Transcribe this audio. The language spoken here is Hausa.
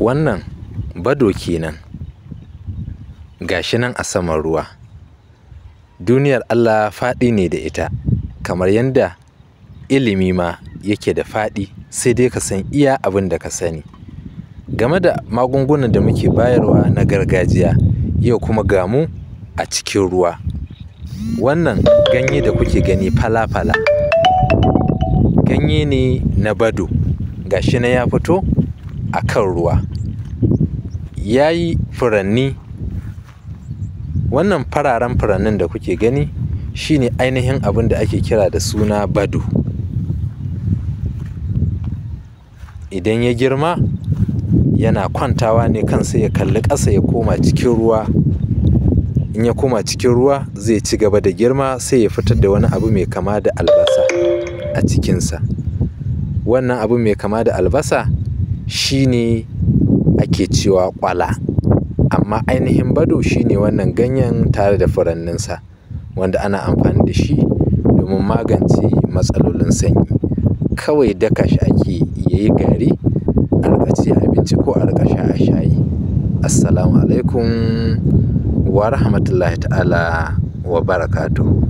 wannan bado kenan gashi nan a saman ruwa duniyar Allah faɗi ne da ita kamar yadda ilimi ma yake da faɗi sai dai ka san iya abin da ka sani game da magungunan da muke bayarwa na gargajiya yau kuma gamu a cikin ruwa wannan ganye da kuke gani fala-fala ganye ne na bado gashi na ya fito a kan ruwa ya yi furanni wannan fararen furannin da kuke gani shine ainihin abin da ake kira da suna bado idan ya girma yana kwantawa ne kan sai ya kalli ƙasa ya koma cikin ruwa in ya koma cikin ruwa zai ci gaba da girma sai ya fitar da wani abu mai kama da albasa a cikinsa wannan abu mai kama da albasa shi ne ake cewa kwala, Amma ainihin bado shi ne wannan ganyen tare da furanninsa wanda ana amfani da shi domin magance matsalolin sanyi. Kawai daka shi ake yi gari, a abinci ko a sha a shayi. Assalamu alaikum wa rahmatullahi ta'ala wa barakatuhu.